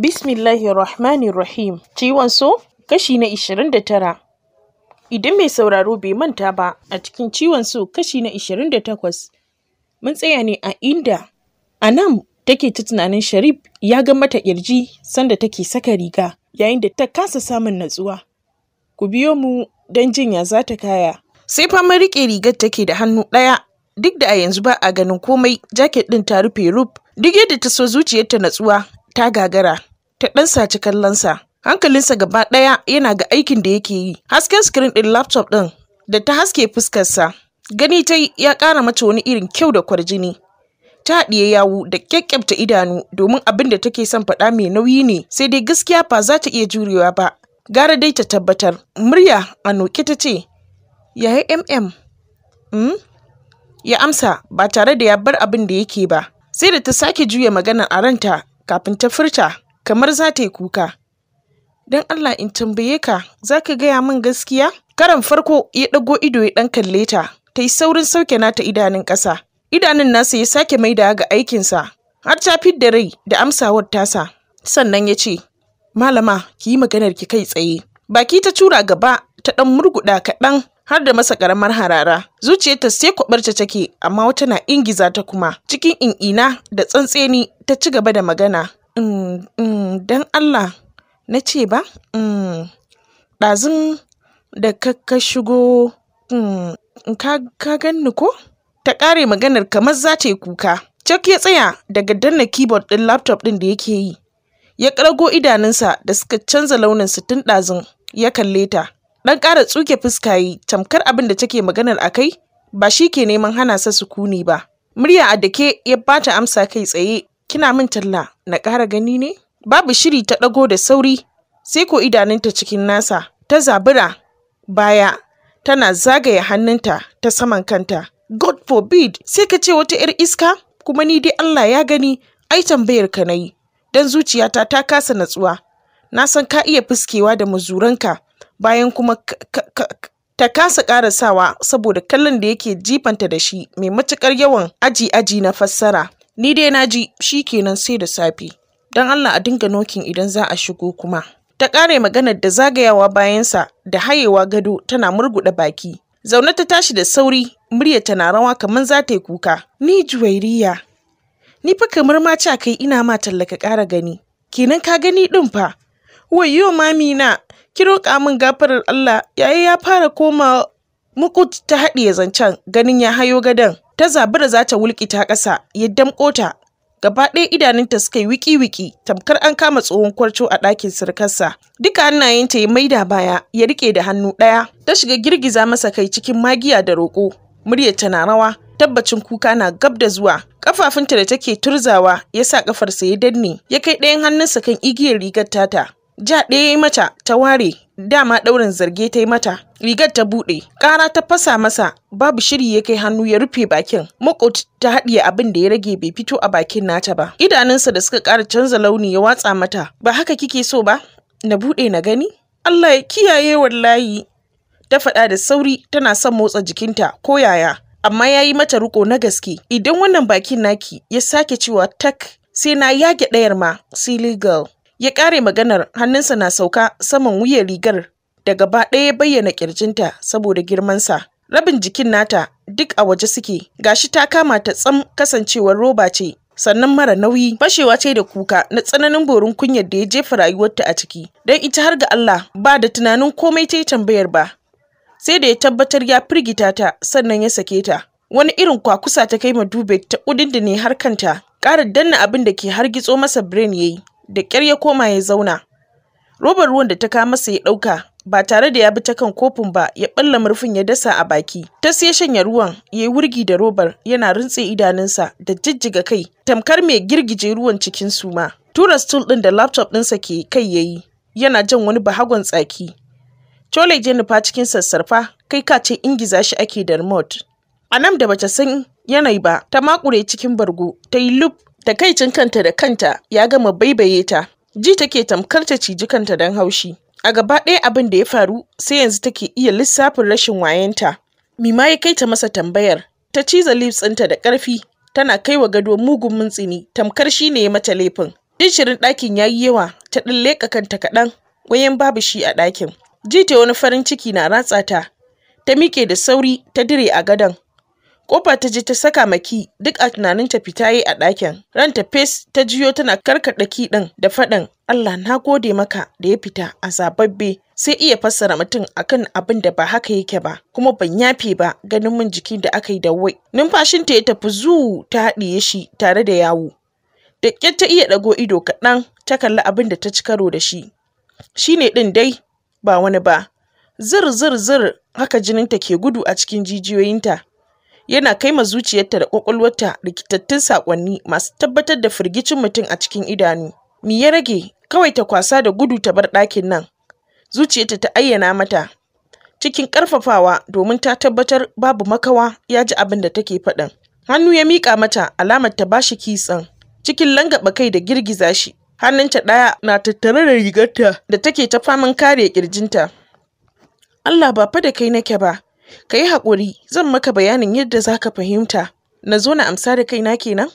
Bismillahirrahmanirrahim. Ciwon so kashi na 29. Idan mai sauraro bai manta ba a cikin ciwon so kashi na 28 mun tsaya ne a inda a nan take ta tunanin Sharif ya ga mata ƙirji sanda take saka riga yayin da ta kasa samun natsuwa. Ku biyo mu don jin ya za ta kaya. Sai fama riƙe rigar take da hannu ɗaya duk da a yanzu ba a ganin komai jaket ɗin ta rufe rub duk yadda ta so zuciyarta natsuwa ta gagara ta ɗan saci kallonsa. Hankalinsa gaba ɗaya yana ga aikin da yake yi. Hasken screen ɗin laptop ɗin da ta haske fuskarsa. Gani ta ya ƙara mace wani irin kyau da kwarjini. ta haɗiye yawu da kyakkyabta idanu domin abin da take son faɗa mai nauyi ne sai dai gaskiya ba za ta iya jurewa ba gara dai ta tabbatar murya a noke ta ce yaya mm ya amsa ba tare da ya bar abin da yake ba sai da ta sake juya maganar a ranta kafin ta furta kamar za ta yi kuka. Don Allah in tambaye ka, za ka gaya min gaskiya? Karan farko ya ɗago ido ya ɗan kalle ta, ta yi saurin sauke nata idanun ƙasa. Idanun nasa ya sake mai maida ga aikinsa, har ta da rai da amsawar tasa. Sannan ya ce, Malama, ki yi maganar ki kai tsaye. Baki ta tura gaba, ta ɗan murguɗa kaɗan har da masa ƙaramar harara zuciyarta sai ta take amma wata na ingiza ta kuma cikin in'ina da tsantseni ta ci gaba da magana Mm, mm, dan don Allah na ce ba, um, da ka, shigo ka, ganni ko? Ta ƙare maganar kamar za ta yi kuka. Chuck ya tsaya daga danna keyboard ɗin laptop ɗin da yake yi. Ya ƙarago idanunsa da suka canza launin su tun ya kalle ta. Ɗan ƙara tsuke fuska yi tamkar abin da take maganar a kai ba shi ke neman hana sa sukuni ba. Murya a dake ya bata amsa kai tsaye kina min talla na ƙara gani ne babu shiri ta ɗago da sauri sai ko idanunta cikin nasa ta zabura baya tana zagaya hannunta ta saman kanta god forbid sai ka ce wata 'yar iska kuma ni dai allah ya gani ai tambayar ka na yi don zuciyata ta kasa natsuwa na san ka iya fuskewa da muzuranka bayan kuma ta kasa ƙarasawa saboda kallon da yake jifanta da shi mai matuƙar yawan aji-aji na fassara Ni dai na ji, shi kenan sai da safe. Don Allah a dinga nokin idan za a shigo kuma. Ta ƙare maganar da zagayawa bayansa da hayewa gado tana murguɗa baki. Zaune ta tashi da sauri, murya tana rawa kamar za ta yi kuka. Ni juwairiya. Ni fa kamar ma ca kai ina ma tallaka ƙara gani. Kenan ka gani ɗin fa. Wayyo mami na, ki roƙa min gafarar Allah, yayi ya fara koma mukut ta haɗiye zancen ganin ya hayo gadon ta zabura za ta wulƙita ƙasa ya damƙo ta gaba ɗaya idanunta suka yi wiki-wiki tamkar an kama tsohon kwarco a ɗakin sirkarsa duka hannayenta ya maida baya ya rike da hannu ɗaya ta shiga girgiza masa kai cikin magiya da roƙo muryar ta na rawa tabbacin kuka na gab da zuwa kafafunta da take turzawa ya sa kafarsa ya danne ya kai ɗayan hannunsa kan igiyar rigar tata ja ɗaya ya mata ta ware dama ɗaurin zarge ta yi mata rigar ta buɗe ƙara ta fasa masa babu shiri ya kai hannu ya rufe bakin makot ta haɗiye abin da ya rage bai fito a bakin nata ba idanunsa da suka ƙara canza launi ya watsa mata ba haka kike so ba na buɗe na gani Allah ya kiyaye wallahi ta faɗa da sauri tana son motsa jikinta ko yaya amma ya yi mata riko na gaske idan wannan bakin naki ya sake cewa tak sai na yage ɗayar ma silly girl ya ƙare maganar hannunsa na sauka saman wuyan rigar da gaba ɗaya bayyana ƙirjinta saboda girmansa. Rabin jikin nata duk a waje suke, gashi ta kama ta tsam kasancewar roba ce, sannan mara nauyi fashewa ce da kuka na tsananin borin kunyar da ya jefa rayuwarta a ciki. Don ita har ga Allah ba da tunanin komai ta yi tambayar ba. Sai da ya tabbatar ya firgita ta sannan ya sake ta. Wani irin kwakusa ta kai ma dube ta ne har kanta, ƙara danna abin da ke hargitso masa brain yayi. da ƙyar ya koma ya zauna. Robar ruwan da ta kama masa ya ɗauka ba tare da ya bi ta kan kofin ba ya ɓalla murfin ya dasa a baki. Ta siya shanya ruwan ya yi wurgi da robar yana rintse idanunsa da jijjiga kai tamkar mai girgije ruwan cikin suma. Tura stool ɗin da laptop ɗinsa ke kai ya yi yana jan wani bahagon tsaki. Chole je nufa cikin sassarfa kai ka ce ingiza shi ake da remote. nan da bata san yanayi ba ta makure cikin bargo ta yi lup Takaicin kanta da kanta ya gama baibaye ta, ji take tamkar ta ciji kanta don haushi. A gaba ɗaya abin da ya faru sai yanzu take iya lissafin rashin wayenta. Mima ya kai ta masa tambayar, ta ciza lips ɗinta da ƙarfi, tana kai wa gado mugun mintsini, tamkar shi ne ya mata laifin. shirin ɗakin ya yi yawa, ta ɗin leƙa kanta kaɗan, wayan babu shi a ɗakin. Ji ta wani farin ciki na ratsa ta, ta miƙe da sauri ta dire a gadon, Kofa ta je ta saka maki duk a tunanin ta fita yi a ɗakin. Ranta fes ta jiyo tana karkaɗa ki ɗin da faɗin Allah na gode maka da ya fita a zababbe sai iya fassara mutum akan abin da ba haka yake ba kuma ban yafe ba ganin min jiki da aka yi da wai. Numfashinta ya tafi zu ta haɗiye shi tare da yawu. Da ƙyar ta iya ɗago ido kaɗan ta kalli abin da ta ci karo da shi. Shi ne ɗin dai ba wani ba. Zir zir zir haka jininta ke gudu a cikin jijiyoyinta. yana kai ma zuciyarta da kwakwalwarta rikitattun sakonni masu tabbatar da firgicin mutum a cikin idanu mi ya rage kawai ta kwasa da gudu ta bar ɗakin nan zuciyarta ta ayyana mata cikin ƙarfafawa domin ta tabbatar babu makawa ya ji abin da take faɗin hannu ya miƙa mata alamar ta bashi kitsan cikin langaɓa kai da girgiza shi hannunta ɗaya na tattare da rigarta da take ta faman kare ƙirjinta Allah ba fa da kai nake ba Ka yi haƙuri, zan maka bayanin yadda za ka fahimta. Na zo na amsa da kaina kenan?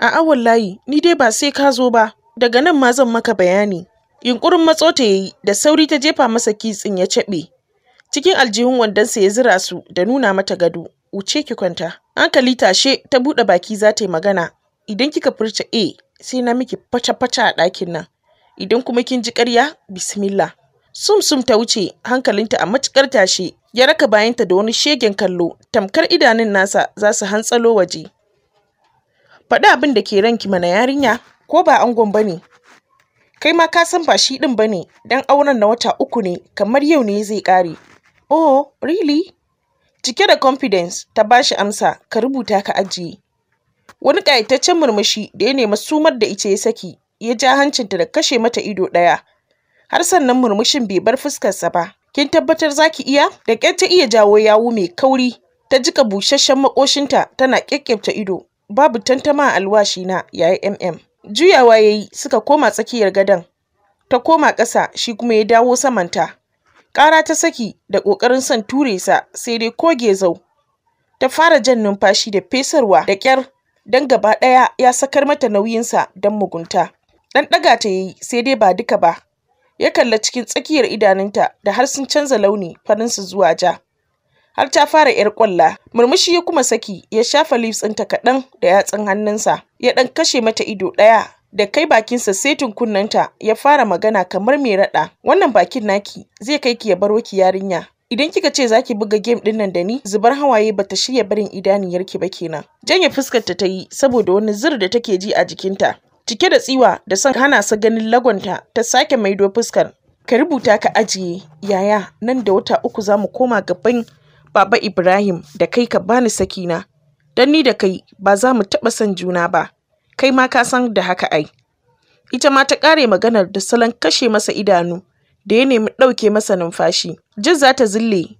A'a wallahi, ni dai ba sai ka zo ba, daga nan ma zan maka bayani. Yunƙurin matso ta yi da sauri ta jefa masa kitsin ya caɓe. Cikin aljihun wandonsa ya zira su da nuna mata gado. Wuce ki kwanta. Hankali tashe ta buɗe baki za ta yi magana. Idan kika furta A sai na miki faca-faca a ɗakin nan. Idan kuma kin ji ƙarya, bismillah. Sum sum ta wuce hankalinta a matuƙar tashe ya raka bayanta da wani shegen kallo tamkar idanun nasa za su hantsalo waje faɗi abin da ke ranki mana yarinya ko ba angon ba ne kai ma ka san ba shi ɗin ba ne don auren na wata uku ne kamar yau ne zai ƙare oh really cike da confidence ta bashi amsa ka rubuta ka ajiye wani ƙayataccen murmushi da ya nemi sumar da ice ya saki ya ja hancinta da kashe mata ido ɗaya har sannan murmushin bai bar fuskarsa ba kin tabbatar zaki iya da ƙyar ta iya jawo yawu mai kauri ta jika busasshen makoshinta tana ƙyaƙƙyabta ido babu tantama a alwashi na yayi mm juyawa yayi suka koma tsakiyar gadon ta koma ƙasa shi kuma ya dawo samanta ƙara ta saki da ƙoƙarin son ture sa sai dai koge zau, ta fara jan numfashi da fesarwa da ƙyar dan gaba ɗaya ya sakar mata nauyinsa don mugunta ɗan ɗaga ta yayi sai dai ba duka ba Ya kalla cikin tsakiyar idanunta da har sun canza launi farin su zuwa ja. Har ta fara ‘yar kwalla murmushi ya kuma saki ya shafa lips ɗinta kaɗan da yatsun hannunsa, ya ɗan kashe mata ido ɗaya da kai bakinsa setin kunnenta ya fara magana kamar mai raɗa. Wannan bakin naki zai kai ki ya baro ki yarinya. Idan kika ce zaki buga game ɗin nan da ni, zubar hawaye bata shirya barin ki ba kenan. Janye fuskarta ta yi saboda wani zir da take ji a jikinta. Cike da tsiwa da son hana sa ganin lagonta ta sake maido fuskar. Ka rubuta ka ajiye, yaya nan da wata uku za mu koma gaban Baba Ibrahim da kai ka bani sakina. Don ni da kai ba za mu taɓa son juna ba, kai ma ka san da haka ai. Ita ma ta kare maganar da salon kashe masa idanu da ya nemi ɗauke masa numfashi. Jin za ta zille,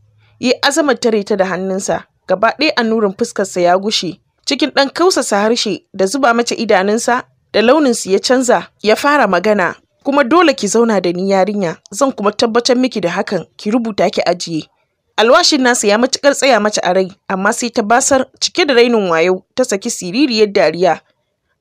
yi azamar tare ta da hannunsa, gaba ɗaya a nurin fuskarsa ya gushe. cikin ɗan kausasa harshe da zuba mace idanunsa da launinsu ya canza ya fara magana kuma dole ki zauna da ni yarinya zan kuma tabbatar miki da hakan ki rubuta ki ajiye alwashin nasa ya matukar tsaya mata a rai amma sai ta basar cike da rainin wayo ta saki siririyar dariya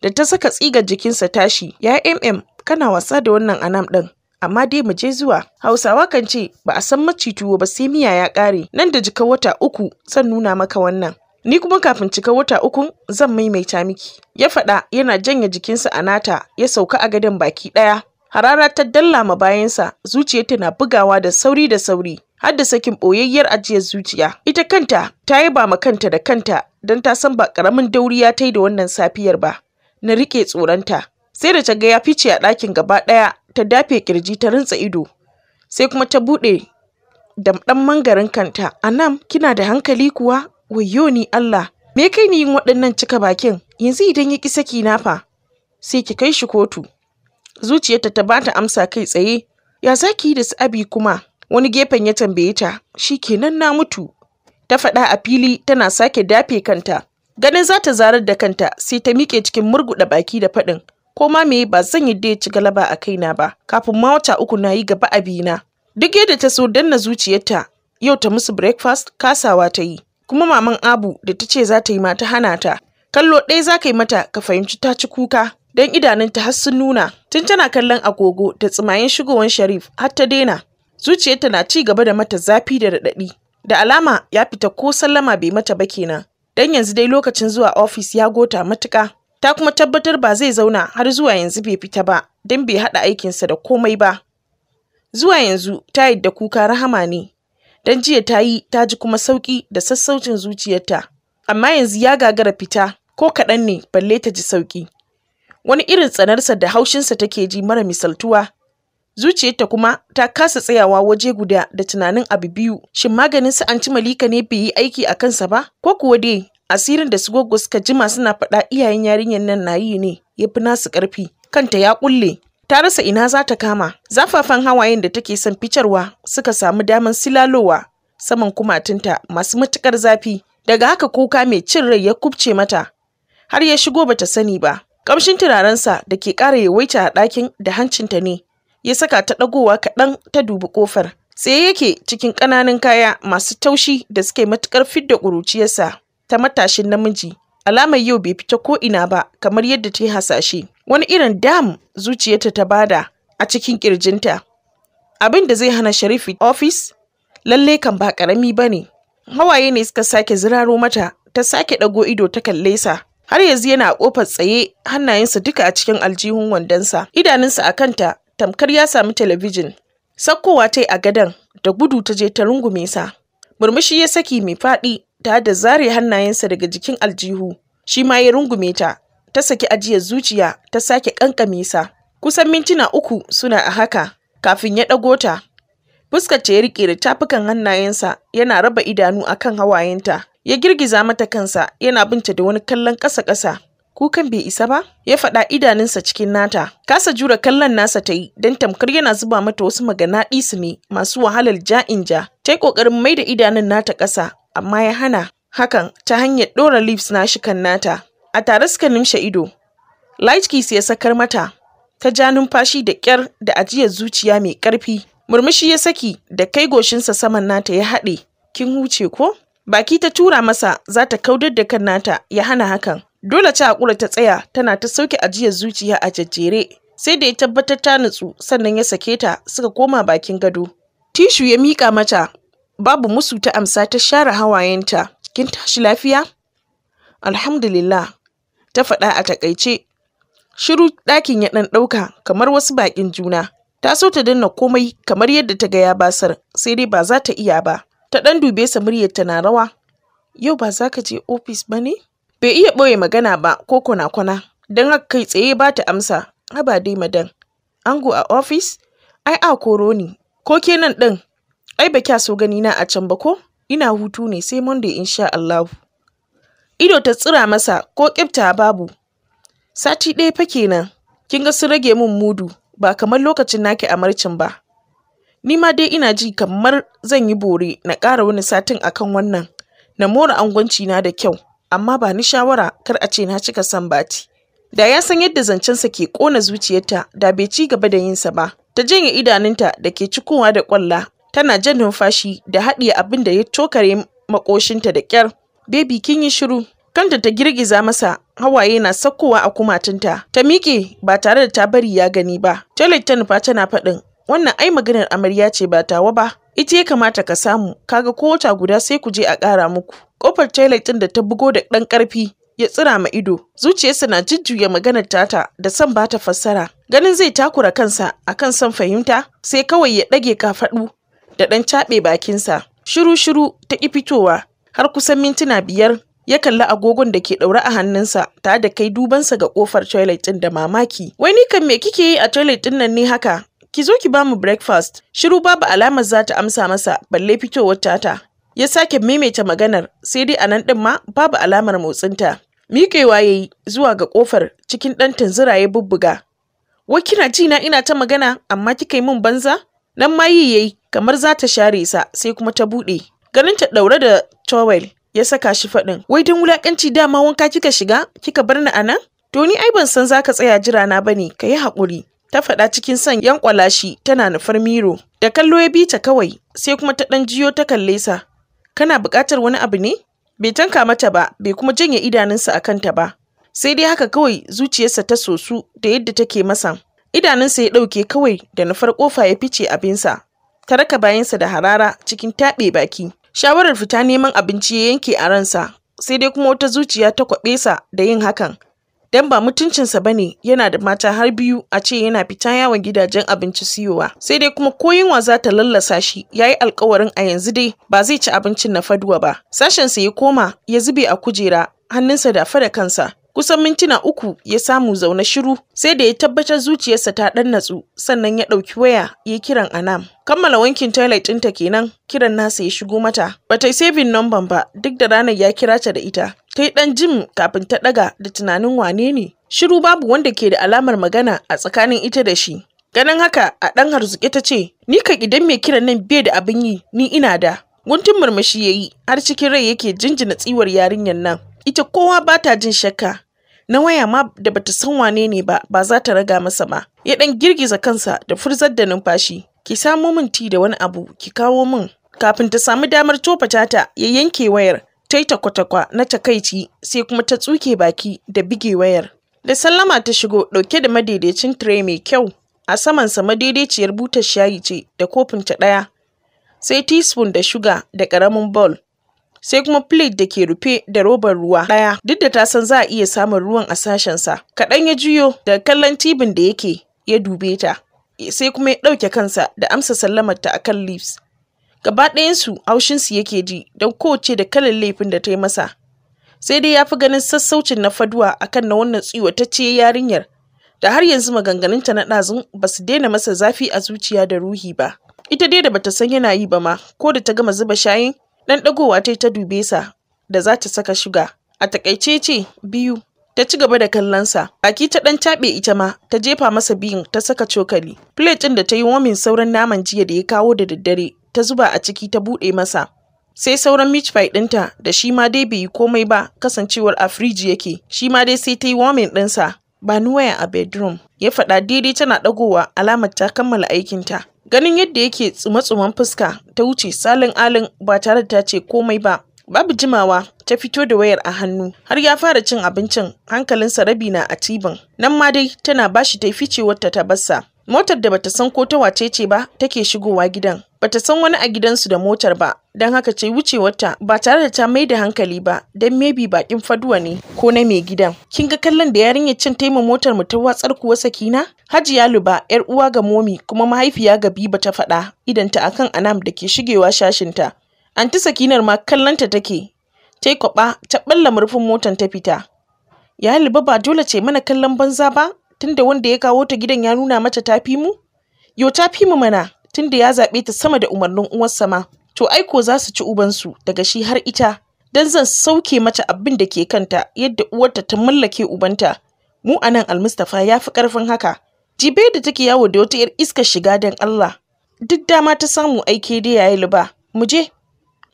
da ta saka tsigar jikinsa tashi ya mm kana wasa da wannan anam ɗin amma dai mu je zuwa hausawa kan ce ba a san maci tuwo ba sai miya ya kare. nan da jika wata uku zan nuna maka wannan Ni kuma kafin cika wata ukun zan maimaita miki, ya faɗa yana janye jikinsa a nata ya sauka a gadon baki ɗaya. Harara ta dallama bayansa, zuciyarta na bugawa da sauri da sauri, har da sakin ɓoyayyar ajiyar zuciya. Ita kanta ta yi ba ma kanta da kanta don ta san ba ƙaramin ya ta yi da wannan safiyar ba. Na riƙe tsoronta, sai da ta ga ya fice a ɗakin gaba ɗaya ta dafe kirji ta rintsa ido, sai kuma ta buɗe da ɗan mangarin kanta. Anam, kina da hankali kuwa? wayyo ni Allah me kai ni yin waɗannan cika bakin yanzu idan ya ƙi saki na fa sai ki kai shi kotu zuciyarta ta bata amsa kai tsaye ya yi da su abi kuma wani gefen ya tambaye ta Shi kenan na mutu ta faɗa a fili tana sake dafe kanta ganin za ta zarar da kanta sai ta miƙe cikin murguɗa baki da faɗin ko ma me ba zan yadda ya ci galaba a kaina ba kafin ma wata uku na yi gaba abina duk yadda ta so danna zuciyarta yau ta musu breakfast kasawa ta yi kuma maman Abu da ta ce za ta yi mata hana ta. Kallo ɗaya za ka yi mata ka fahimci ta ci kuka don idanunta har sun nuna tun tana kallon agogo da tsimayen shigowar Sharif har ta daina. Zuciyarta na ci gaba da mata zafi da raɗaɗi. Da alama ya fita ko sallama bai mata ba kenan. Don yanzu dai lokacin zuwa ofis ya gota matuka. Ta kuma tabbatar ba zai zauna har zuwa yanzu bai fita ba don bai haɗa aikinsa da komai ba. Zuwa yanzu ta yadda kuka rahama ne don jiya ta yi ta ji kuma sauƙi da sassaucin zuciyarta amma yanzu ya gagara fita ko kaɗan ne balle ta ji sauƙi wani irin tsanarsa da haushinsa take ji mara misaltuwa zuciyarta kuma ta kasa tsayawa waje guda da tunanin abu biyu shin maganin su ci malika ne bai yi aiki a kansa ba ko kuwa dai asirin da su goggo suka jima suna faɗa iyayen yarinyar nan na yi ne ya fi nasu ƙarfi kanta ya ƙulle ta rasa ina za ta kama zafafan hawayen da take son ficarwa suka samu daman silalowa saman kumatunta masu matukar zafi daga haka kuka mai cin rai ya kubce mata har ya shigo bata sani ba kamshin turarensa da ke ƙara yawaita a ɗakin da hancinta ne ya saka ta ɗagowa kaɗan ta dubi ƙofar sai yake cikin ƙananan kaya masu taushi da suke matukar fidda ƙuruciyarsa ta matashin namiji alamar yau bai fita ko ina ba kamar yadda ta yi hasashe wani irin dam zuciyarta ta bada a cikin kirjinta abin da zai hana sharifi ofis lalle kan ba karami ba ne hawaye ne suka sake ziraro mata ta sake ɗago ido ta kalle sa har yanzu yana kofar tsaye hannayensa duka a cikin aljihun wandonsa idanunsa a kanta tamkar ya sami talabijin sakkowa ta yi a gadon da gudu ta je ta rungume sa murmushi ya saki mai faɗi ta da zare hannayensa daga jikin aljihu shi ma ya rungume ta ta saki ajiyar zuciya ta sake kankame sa kusan mintuna uku suna a haka kafin ya ɗago ta fuskar ta ya riƙe da tafukan hannayensa yana raba idanu akan hawayenta ya girgiza mata kansa yana binta da wani kallon ƙasa-ƙasa kukan bai isa ba ya faɗa idanunsa cikin nata kasa jura kallon nasa ta yi don tamkar yana zuba mata wasu magana ɗisu ne masu wahalar ja'in ja ta yi ƙoƙarin mai da idanun nata ƙasa amma ya hana hakan ta hanyar ɗora lips na shi nata a tare suka numshe ido lightkiss ya sakar mata ta ja numfashi da ƙyar da ajiyar zuciya mai ƙarfi murmushi ya saki da kai goshinsa saman nata ya haɗe kin huce ko baki ta tura masa za ta kaudar da kan nata ya hana hakan dole ta haƙura ta tsaya tana ta sauke ajiyar zuciya a jajjere sai da ya tabbatar ta nutsu sannan ya sake ta suka koma bakin gado tishu ya miƙa mata babu musu ta amsa ta share hawayenta kin tashi lafiya alhamdulillah ta faɗa a takaice Shiru ɗakin ya ɗan ɗauka kamar wasu baƙin juna. Ta so ta danna komai kamar yadda ta ga ya basar, sai dai ba za ta iya ba. Ta ɗan dube sa muryar ta na rawa. Yau ba za ka je ofis ba ne? Bai iya ɓoye magana ba ko kwana-kwana, don haka kai tsaye ba ta amsa. Haba dai madan. Ango a ofis? Ai a koro ni. Ko kenan ɗin? Ai ba kya so gani na a can ba ko? Ina hutu ne sai Monday insha Allahu. ido ta tsira masa ko ƙyafta babu sati ɗaya fa kenan kin ga sun rage min mudu ba kamar lokacin naki amarcin ba ni ma dai ina ji kamar zan yi bore na ƙara wani satin akan wannan na more angwanci na da kyau amma ba ni shawara kar a ce na cika san bati da ya san yadda zancensa ke ƙona zuciyarta da bai ci gaba da yinsa ba ta janye idanunta da ke cikowa da ƙwalla tana jan numfashi da haɗiye abin da ya tokare makoshinta da ƙyar Baby kin yi shiru. Kanta ta girgiza masa, hawaye na sakkowa a kumatunta. Ta miƙe ba tare da ta bari ya gani ba. Toilet ta nufa tana faɗin, wannan ai maganar amarya ce ba tawa ba. Ita ya kamata ka samu, kaga ko wata guda sai ku je a ƙara muku. Ƙofar toilet ɗin da ta bugo da ɗan ƙarfi ya tsira ma ido. Zuciyarsa na jujjuya maganar tata da son ba ta fassara. Ganin zai takura kansa akan son fahimta, sai kawai ya ɗage kafaɗu da ɗan caɓe bakinsa. Shiru-shiru ta ƙi fitowa, har kusan mintuna biyar ya kalli agogon da ke ɗaure a hannunsa tare da kai dubansa ga ƙofar toilet ɗin da mamaki. Wai ni kan me kike yi a toilet ɗin nan ne haka? Ki zo ki bamu breakfast. Shiru babu alamar za ta amsa masa balle fitowar tata. Ya sake maimaita maganar sai dai a nan ɗin ma babu alamar motsinta. Miƙewa ya yi zuwa ga ƙofar cikin ɗan tanzura ya bubbuga. Wai kina ji na ina ta magana amma kika yi min banza? Nan ma yi yayi kamar za ta share sa sai kuma ta buɗe. ganin ta daure da towel ya saka shi faɗin wai don wulakanci dama wanka kika shiga kika bar ni anan to ni ai ban san zaka tsaya jira na bane ka yi haƙuri ta faɗa cikin son 'yan kwalashi tana nufar miro da kallo ya bi ta kawai sai kuma ta ɗan jiyo ta kalle sa kana buƙatar wani abu ne bai tanka mata ba bai kuma janye idanunsa a kanta ba sai dai haka kawai zuciyarsa ta sosu da yadda take masa idanunsa ya ɗauke kawai da nufar ƙofa ya fice abinsa ta raka bayansa da harara cikin taɓe baki Shawarar fita neman abinci ya yanke a ransa, sai dai kuma wata zuciya ta kwaɓe sa da yin hakan, dan ba mutuncinsa ba ne yana da mata har biyu a ce yana fita yawon gidajen abinci siyowa. Sai dai kuma ko yunwa za ta lallasa shi ya yi alkawarin a yanzu dai ba zai ci abincin na faduwa ba. Sashensa ya koma ya zube a kujera hannunsa dafa da kansa kusan mintuna uku ya samu zaune shiru sai da ya tabbatar zuciyarsa ta ɗan natsu sannan ya ɗauki waya ya kiran anam kammala wankin toilet ɗinta kenan kiran nasa ya shigo mata ba ta yi saving number ba duk da ranar ya kira ta da ita ta yi ɗan jim kafin ta ɗaga da tunanin wane ne shiru babu wanda ke da alamar magana a tsakanin ita da shi ganin haka a ɗan harzuki ta ce ni ka idan mai kiran nan bai da abin yi ni ina da guntun murmushi ya yi har cikin rai yake jinjina tsiwar yarinyar nan ita kowa ba ta jin shakka na waya ma da bata san wane ne ba ba za ta raga masa ba ya dan girgiza kansa da furzar da numfashi ki samo min ti da wani abu ki kawo min kafin ta samu damar tofa tata ya yanke wayar ta yi takwatakwa na takaici sai kuma ta tsuke baki da bige wayar da sallama ta shigo dauke da madaidaicin tire mai kyau a saman samansa madaidaiciyar butar shayi ce da kofin ta ɗaya sai teaspoon da shuga da ƙaramin ball sai kuma plate da ke rufe da robar ruwa ɗaya duk da ta san za a iya samun ruwan a sashensa. Kaɗan ya juyo daga kallon tibin da yake ya dube ta. Sai kuma ya ɗauke kansa da amsa sallamar ta akan leaves. Gaba ɗayansu haushinsu yake ji don kowace da kalan laifin da ta yi masa. Sai dai ya fi ganin sassaucin na faduwa akan na wannan tsiwatacce yarinyar da har yanzu maganganunta na ɗazun ba su daina masa zafi a zuciya da ruhi ba. Ita dai da bata san yana yi ba ma, ko da ta gama zuba shayin Ɗan ɗagowa ta yi ta dube sa da za ta saka shuga. A takaice ce biyu ta ci gaba da kallonsa. Baki ta ɗan caɓe ita ma ta jefa masa biyun ta saka cokali. Plate ɗin da ta yi womin sauran naman jiya da ya kawo da daddare ta zuba a ciki ta buɗe masa. sai sauran meat pie ɗinta da shi ma dai bai yi komai ba kasancewar a firiji yake shi ma dai sai ta yi warming ɗinsa ba ni waya a bedroom ya faɗa daidai tana ɗagowa alamar ta kammala aikinta ganin yadda yake tsuma-tsuman fuska ta wuce salin alin ba tare da ta ce komai ba babu jimawa ta fito da wayar a hannu har ya fara cin abincin hankalinsa rabi na a tibin nan ma dai tana bashi ta ficewarta ta bassa Motar da bata san ko ta wace ce ba take shigowa gidan. Bata san wani a gidansu da motar ba, don haka ce wucewarta ba tare da ta mai da hankali ba, don mebi bakin faduwa ne ko na mai gidan. Kin ga kallon da yarinyar cin taima motar mu ta watsar kuwa sakina? Hajiya Luba, ‘yar uwa ga momi kuma mahaifiya ga ba ta faɗa idan ta akan Anam da ke shigewa shashinta. Anti Sakinar ma kallonta take, ta yi kwaɓa ta ɓalla murfin motar ta fita. Ya Luba ba dole ce mana kallon banza ba, tunda wanda ya kawo ta gidan ya nuna mata ta fi mu yo ta fi mu mana tunda ya zaɓe ta sama da umarnin uwarsa ma to aiko za su ci ubansu daga shi har ita dan zan sauke mata abin da ke kanta yadda uwarta ta mallake ubanta mu anan almustafa ya fi ƙarfin haka jibe da take yawo da wata 'yar iskar shiga don allah duk dama ta samu aiki da yayi liba mu je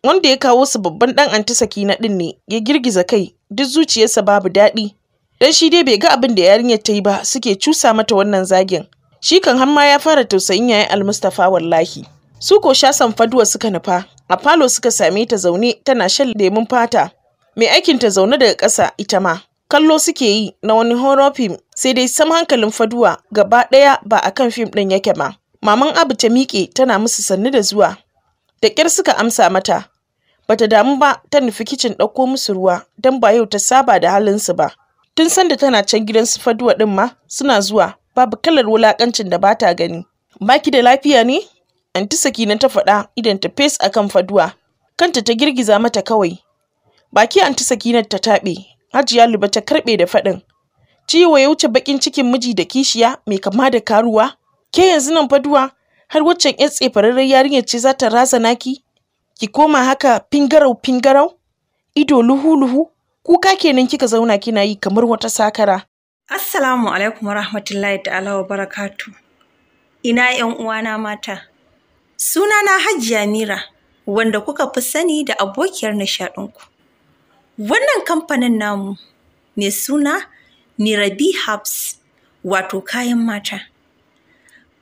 wanda ya kawo su babban ɗan anti na ɗin ne ya girgiza kai duk zuciyarsa babu daɗi dan shi dai bai ga abin da yarinyar ta yi ba suke cusa mata wannan zagin shi kan har ma ya fara tausayin yayin almustafa wallahi su ko shasan faduwa suka nufa a falo suka same ta zaune tana shan lemun fata mai aikin ta zaune daga ƙasa ita ma kallo suke yi na wani horo fim, sai dai sam hankalin faduwa gaba ɗaya ba kan fim ɗin yake ma maman abu ta miƙe tana musu sannu da zuwa da ƙyar suka amsa mata bata damu ba ta nufi kicin ɗauko musu ruwa don ba yau ta saba da halinsu ba Tun sanda tana can gidan su Faduwa ɗin ma suna zuwa, babu kalar wulakancin da bata gani. baki da lafiya ne? Anti Sakina ta faɗa idan ta fes a kan Faduwa. Kanta ta girgiza mata kawai. Baki Anti Sakinar ta taɓe, Hajiya Luba ta karɓe da faɗin. Ciwo ya wuce bakin cikin miji da kishiya mai kama da karuwa. Ke yanzu nan Faduwa har waccan 'yan tsefararren yarinyar ce za ta rasa ki? Ki koma haka fingarau-fingarau? Ido luhu-luhu? kuka kenan kika zauna kina yi kamar wata sakara assalamu alaikum wa rahmatullahi ta'ala wa barakatu ina yan uwana mata sunana hajiya mira wanda kuka fi sani da abokiyar nishaɗinku wannan kamfanin namu ne suna Nirabi Habs wato kayan mata.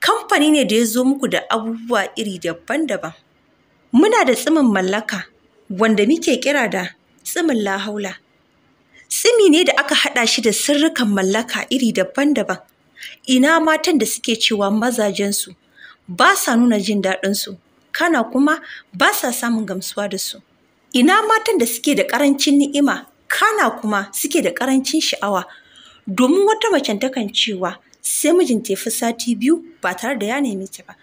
Kamfani ne da ya zo muku da abubuwa iri daban-daban. Muna da tsimin mallaka wanda muke kira da tsimin lahaula. tsimi ne da aka haɗa shi da sirrikan mallaka iri daban-daban ina matan da suke cewa mazajensu ba sa nuna jin daɗinsu kana kuma ba sa samun gamsuwa da su ina matan da suke da ƙarancin ni'ima kana kuma suke da ƙarancin sha'awa domin wata macen takan cewa sai mijinta ya fi sati biyu ba tare da ya nemi ta ba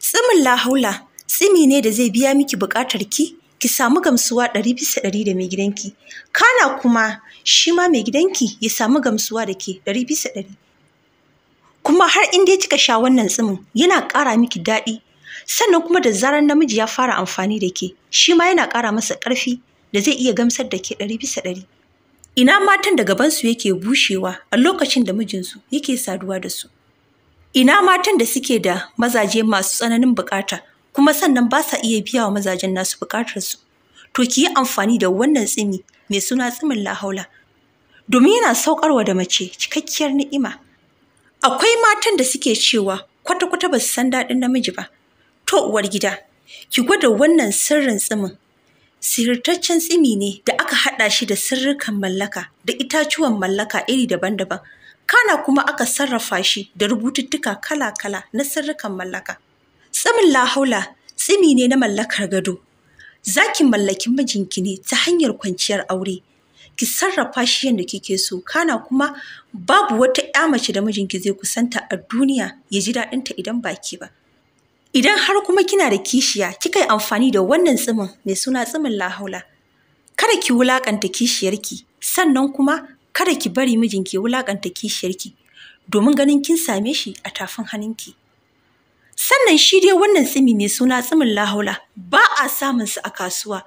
tsimin lahaula tsimi ne da zai biya miki buƙatar ki ki samu gamsuwa ɗari bisa ɗari da mai gidanki kana kuma shi ma mai gidanki ya samu gamsuwa da ke ɗari bisa ɗari kuma har in ya cika sha wannan tsimin yana ƙara miki daɗi sannan kuma da zarar namiji ya fara amfani da ke shi ma yana ƙara masa ƙarfi da zai iya gamsar da ke ɗari bisa ɗari ina matan da gabansu yake bushewa a lokacin da mijinsu yake saduwa da su ina matan da suke da mazaje masu tsananin buƙata? kuma sannan ba sa iya biya wa mazajen nasu bukatarsu to ki yi amfani da wannan tsimi mai suna tsimin lahaula domin yana saukarwa da mace cikakkiyar ni'ima akwai matan da suke cewa kwata-kwata ba su san daɗin namiji ba to uwar gida ki gwada wannan sirrin tsimin sirtaccen tsimi ne da aka haɗa shi da sirrikan mallaka da itacuwan mallaka iri daban-daban kana kuma aka sarrafa shi da rubututtuka kala-kala na sirrikan mallaka Tsamin lahaula tsimi ne na mallakar gado. Za mallaki mijinki ne ta hanyar kwanciyar aure. Ki sarrafa shi yadda kike so, kana kuma babu wata ‘ya mace da mijinki zai kusanta a duniya ya ji daɗinta idan ba ki ba. Idan har kuma kina da kishiya, kika yi amfani da wannan tsimin mai suna tsimin lahaula. Kada ki wulaƙanta kishiyarki, sannan kuma kada ki bari mijinki ya wulaƙanta kishiyarki, domin ganin kin same shi a tafin hannunki. Sannan shi dai wannan tsimi mai suna tsimin lahaula ba a samun sa a kasuwa.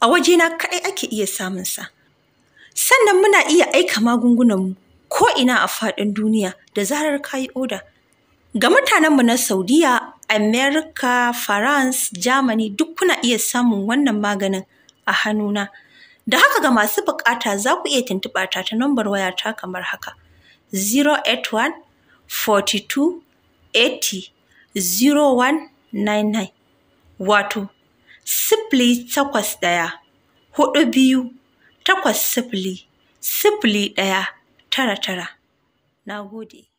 A wajena kaɗai ake iya samun sa. Sannan muna iya aika magungunanmu ko ina a faɗin duniya da zarar kayi oda. Ga mutanenmu na Saudiya, Amerika, France, Germany duk kuna iya samun wannan maganin a hannuna. Da haka ga masu bukata za ku iya tuntuɓa ta ta nambar wayata kamar haka: 081 42 80 0199 wato sifili takwas ɗaya huɗu biyu takwas sifili sifili ɗaya tara tara. Na gode.